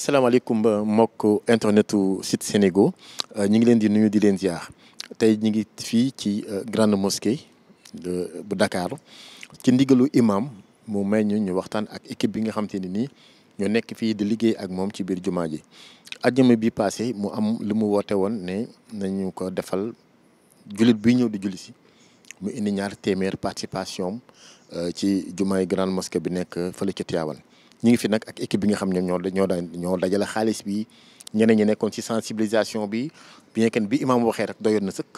salaamaaleykum euh, mokk internetu site Sénégo euh, ñu ngi leen di nuyu di leen ziar tey ñu ngi fii ci euh, grande mosquée bu Dakar ci ndigalu imam mu may ñu ñu waxtaan ak équipe bi nga xam te ne nii ñoo nekk fii di liggéey ak moom ci biir jumaa ji. ajjuma bi passé mu am lu mu woote woon ne nañu ko defal jullit bi ñëw di julli si mu indi ñaar téeméer participation ci yu grande mosquée bi nekk fële ca Tivaouane. ñi ngi fi nag ak équipe bi nga xam ne ñoo ñoo daan ñoo dajale xaalis bi ñeneen ñi nekkoon ci sensibilisation bi bien que bi imaam waxee rek doyoon na sëkk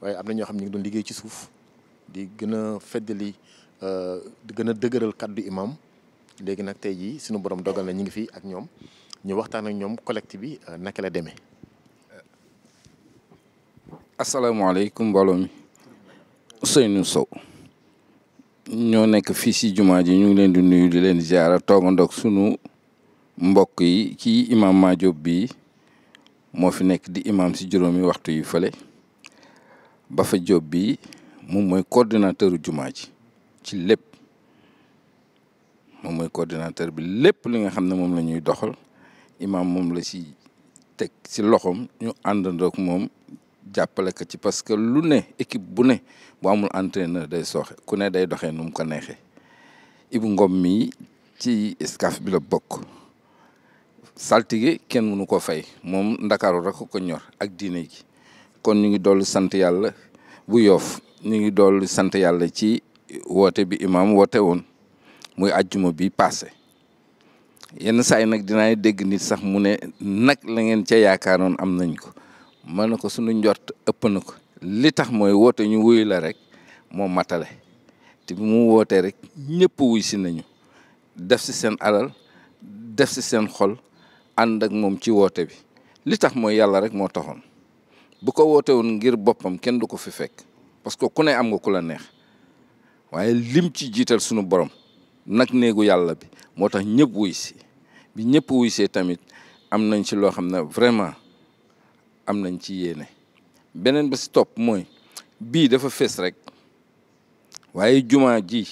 waaye am na ñoo xam ne ñu ngi doon liggéey ci suuf di gën a feddali euh, di gën a dëgëral kàddu imaam léegi nag tey jii suñu borom dogal na ñu ngi fi ak ñoom ñu waxtaan ak ñoom collecte bi euh, naka la demee. asalaamaaleykum mbooloo mi Ousseynou Sow. ñoo nekk fii si jumaa ji ñu ngi leen di nuyu di leen ziara toogandoog sunu mbokk yi kii imam Madiop bi moo fi nekk di imaam si juróomi waxtu yu fële ba fa Diop bi moom mooy coordinateur jumaa ji ci lépp moom mooy coordinateur bi lépp li nga xam ne moom lañuy doxal imam moom la si teg si loxoom ñu àndandoog moom jàppale ko ci parce que lu ne équipe bu ne bu amul entraîneur day sooxe ku ne day doxe nu mu ko neexe Ibou Ngom mii ci SCAF bi la bokk saltige kenn mënu ko fay moom ndakaaru rek ko ñor ak diine gi kon ñu ngi dolli sant yàlla bu yoof ñu ngi dolli sant yàlla ci woote bi imaam woote woon muy ajjuma bi passé yenn saa yi nag dinaay dégg nit sax mu ne nag la ngeen ca yaakaaroon am nañ ko mën na ko suñu njort ëpp na ko li tax mooy woote ñu wuyu la rek moo matale te bi mu wootee rek ñëpp wuy si nañu def si seen alal def si seen xol ànd ak moom ci woote bi li tax mooy yàlla rek moo taxoon bu ko woote woon ngir boppam kenn du ko fi fekk parce que ku ne am nga ku la neex waaye lim ci jiital sunu borom nag néegu yàlla bi moo tax ñëpp wuy si bi ñëpp wuy see tamit am nañ ci loo xam ne vraiment am nañ ci yéene beneen ba si mooy bii dafa fees rek waaye jumaa ji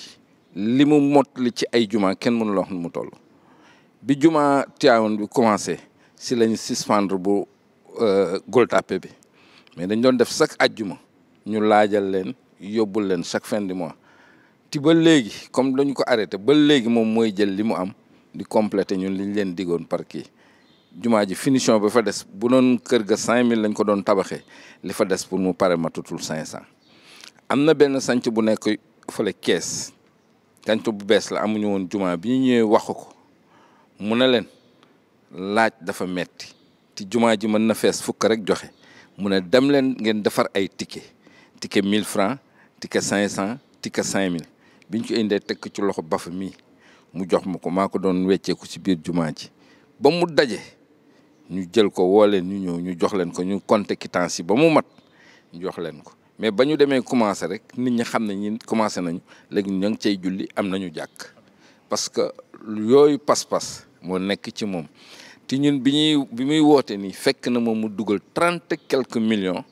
li mu mot li ci ay jumaa kenn mënu la wax nu mu toll bi jumaa Tiwaawan bi commencé si lañu suspendre bu Gueule Tapée bi mais dañ doon def at ajjuma ñu laajal leen yóbbul leen chaque fin du mois ti ba léegi comme dañu ko arrêté ba léegi moom mooy jël li mu am di complété ñun liñ leen diggoon par kii jumaa ji finition bi fa des bu doon kër ga cinq mille lañ ko doon tabaxee li fa des pour mu pare matatul cinq cent am na benn sanc bu nekk fële kees sanc bu bees la amuñu woon jumaa bi ñuy ñëwee wax ko mu ne leen laaj dafa metti te jumaa ji mën na fees fukk rek joxe mu ne dem leen ngeen defar ay ticket ticket mille francs ticket cinq cent ticket cinq mille biñ ko indee tekk ci loxo bafa mii mu jox ma ko maa ko doon wecceeku ci biir jumaa ji ba mu daje ñu jël ko woo leen ñu ñëw ñu jox leen ko ñu compter quittance yi ba mu mat ñu jox leen ko mais ba ñu demee commencé rek nit ñi xam ne ñi commencé nañu léegi ña ngi cay julli am nañu jàkk parce que yooyu pas-pas moo nekk ci moom te ñun bi ñuy bi muy woote nii fekk na moom mu dugal trente quelque millions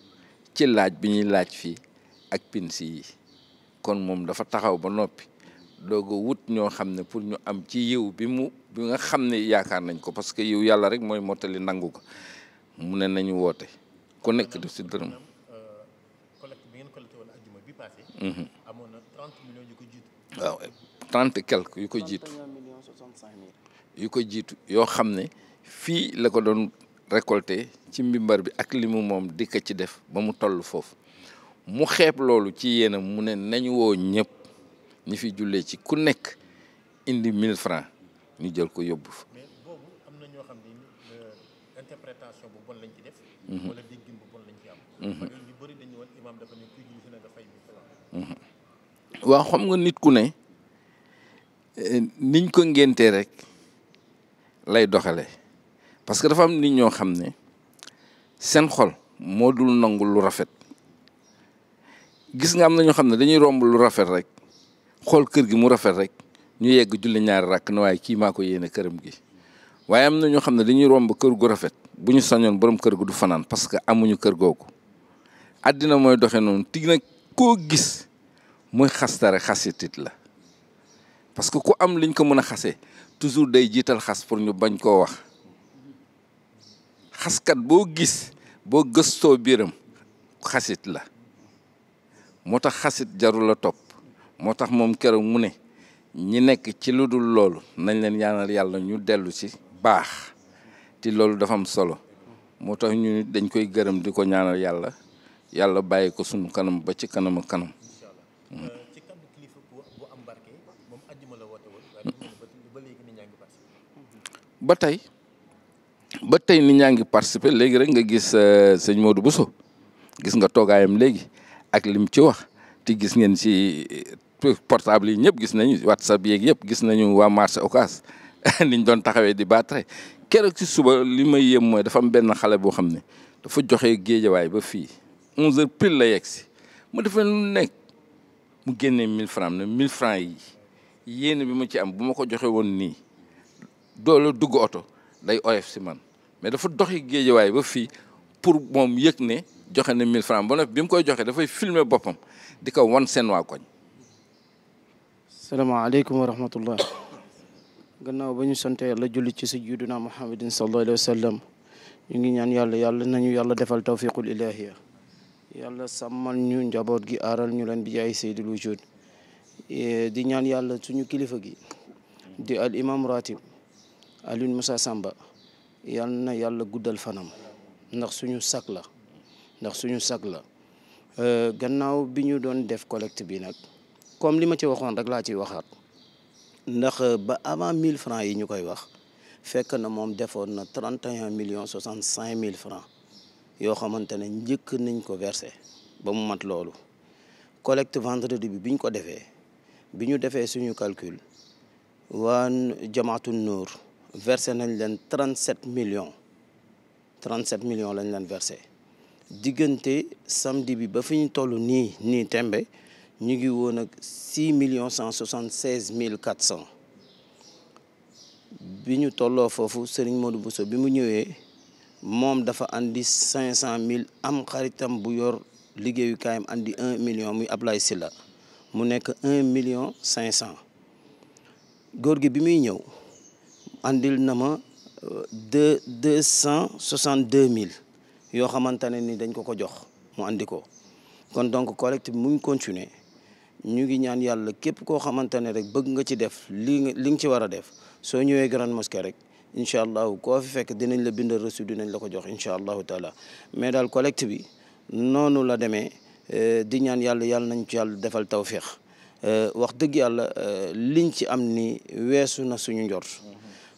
ci laaj bi ñuy laaj fii ak pinsi yi kon moom dafa taxaw ba noppi dooga wut ñoo xam ne pour ñu am ci yiw bi mu bi nga xam ne yaakaar nañ ko parce que yiw yàlla rek mooy mottali nangu ko mu ne nañu woote ku nekk def si dërëm. na trente yu ko jiitu. waaw yu ko jiitu. yu ko jiitu yoo xam ne fii la ko doon récolté ci mbimbar bi ak li mu moom di ko ci def ba mu toll foofu mu xeeb loolu ci yéenam mu ne nañu woo ñëpp. ñi fi jullee ci ku nekk indi 1000 francs ñu jël ko yóbbu fa. mais boobu na ñoo xam ne interprétation bu bon lañ ci def. Mhm. wala déggin bu bon lañ mhm. mhm. nga nit ku ne eh, niñ ko ngéntee rek lay doxale parce que dafa am nit ñoo xam ne seen xol moo dul nangu lu rafet gis nga am na ñoo xam ne dañuy romb lu rafet rek. xool kër gi mu rafet rek ñu yegg julli ñaari rakk na waaye kii maa ko yéene këram gi waaye am na ñoo xam ne dañuy romb kër gu rafet bu ñu sañoon boroom kër gu du fanaan parce que amuñu kër googu àddina mooy doxe noonu tig nag koo gis muy xastare xasitit la parce que ku am liñ ko mën a xasee toujours day jiital xas pour ñu bañ koo wax xaskat boo gis boo gëstoo biiram xasit la moo tax xasit jarul la topp moo tax moom keroog mu ne ñi nekk ci lu dul loolu nañ leen yaanal yàlla ñu dellu ci baax ti loolu dafa am solo moo tax ñu dañ koy gërëm di ko ñaanal yàlla yàlla bàyyi ko sunu kanam ba ci kanam ak kanam. ba tey ba tey ni ñaa ngi léegi rek nga gis euh, sëñ Modou buso gis nga toogaayam léegi ak lim ci wax ti gis ngeen ci portable yi ñëpp gis nañu whatsapp yeeg yëpp gis nañu waa marché Ocass niñ doon taxawee di battre keroog ci suba li may yëm mooy dafa am benn xale boo xam ne dafa joxe géejawaay ba fii 11h pile la yegg si mu defee nekk mu génnee 1000 francs ne 1000 yi yéen bi mu ci am bu ma ko joxe woon nii doole dugg oto day oyof man mais dafa doxi géejawaay ba fii pour moom yëg ne joxe na 1000 francs ba bi mu koy joxe dafay filmer boppam di ko wan seen waa koñ. salaamaaleykum wa rahmatullah gannaaw ba ñu sante yàlla julli ci sayyidina muhammadin sallallahu alayhi wa sallam ñu ngi ñaan yàlla yàlla nañu yàlla defal tawfiqul ilahiya yàlla sàmmal ñu njaboot gi aral ñu leen bi jaay sayyidul wujud eh, di ñaan yàlla suñu kilifa gi di al imam ratib Alioune Moussa Samba yal na yàlla guddal fanam ndax suñu sak la ndax suñu sak la eh, gannaaw bi ñu doon def collecte bi nag comme li ma ci waxoon rek laa ciy waxaat ndax ba avant mille francs yi ñu koy wax fekk na moom defoon na trente et un millions soixante cinq mille francs yoo xamante ne njëkk nañ ko verse ba mu mat loolu collecte vendredi bi biñ ko defee bi ñu defee suñu calcul waa jamaatu Nour versé nañ leen trente sept millions trente sept millions lañ leen verse diggante samedi bi ba fi ñu toll nii nii tembe ñu ngi woon ak six millions cent soixante seize mille quatre cent bi ñu tolloo foofu Serigne Modou Bousso bi mu ñëwee moom dafa indi cinq cent mille am xaritam bu yor liggéeyukaayam andi un million muy Ablaye Sylla mu nekk un million cinq cent góor gi bi muy ñëw andil na ma euh, deux deux cent soixante mille yoo xamante ne ni dañ ko ko jox mu indi ko kon donc collecte bi mu ngi ñu ngi ñaan yàlla képp koo xamante ne rek bëgg nga ci def li li nga ci war a def soo ñëwee grande mosquée rek incha allahu koo fi fekk dinañ la bindal reçu dinañ la ko jox incha allahu taala mais daal collecte bi noonu la demee euh, di ñaan yàlla yàlla nañ ci yàlla defal tawfiix euh, wax dëgg yàlla euh, liñ ci am ni weesu na suñu njort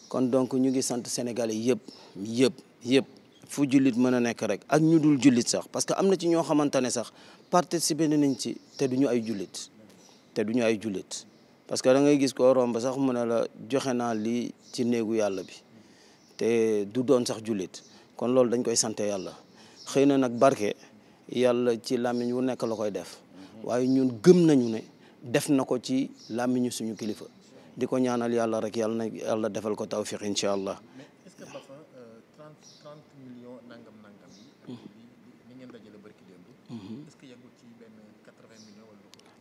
kon donc ñu ngi sant sénégalais yëpp yëpp yëpp fu jullit mën a nekk rek ak ñu dul jullit sax parce que am na ci ñoo xamante ne sax participer nañ ci te duñu ay jullit te du ñu ay jullit parce que da ngay gis koo romb sax mu ne la joxe naa lii ci néegu yàlla bi te du doon sax jullit kon loolu dañ koy sante yàlla xëy na nag barke yàlla ci làmmiñ wu nekk la koy def waaye ñun gëm nañu ne def na ko ci làmmiñu suñu kilifa di ko ñaanal yàlla rek yàlla na yàlla defal ko tawfiq incha allah. est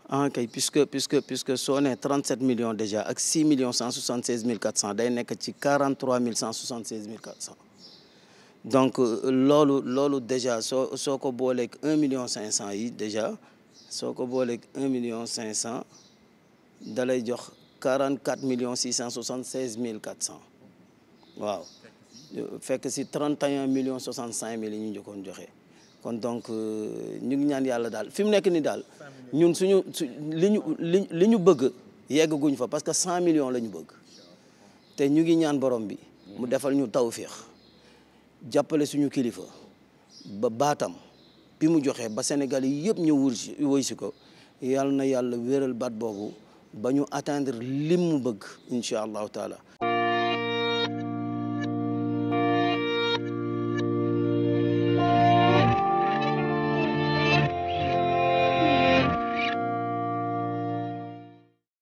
ah kay puisque puisque puisque soo nee 37 millions déjà ak 6 millions 176 mille 400 day nekk ci 43 mille 176 mille 400 donc euh, loolu loolu déjà soo soo ko booleeg 1 million 500 yi déjà soo ko booleeg 1 million 500 da lay jox 44 millions 676 mille 400 waaw fekk si 31 millions 65 mille yi ñu joxe. kon donc euh, ñu ngi ñaan yàlla daal fi mu nekk ni daal ñun suñu su li ñu li li ñu bëgg yeggaguñ fa parce que cent millions la ñu bëgg te ñu ngi ñaan borom bi mu defal ñu tawféex jàppale suñu kilifa ba baatam bi mu joxee ba Sénégal yi yëpp ñu wër si woy si ko yàlla na yàlla wéral baat boobu ba ñu atteindre li mu bëgg incha allahu taala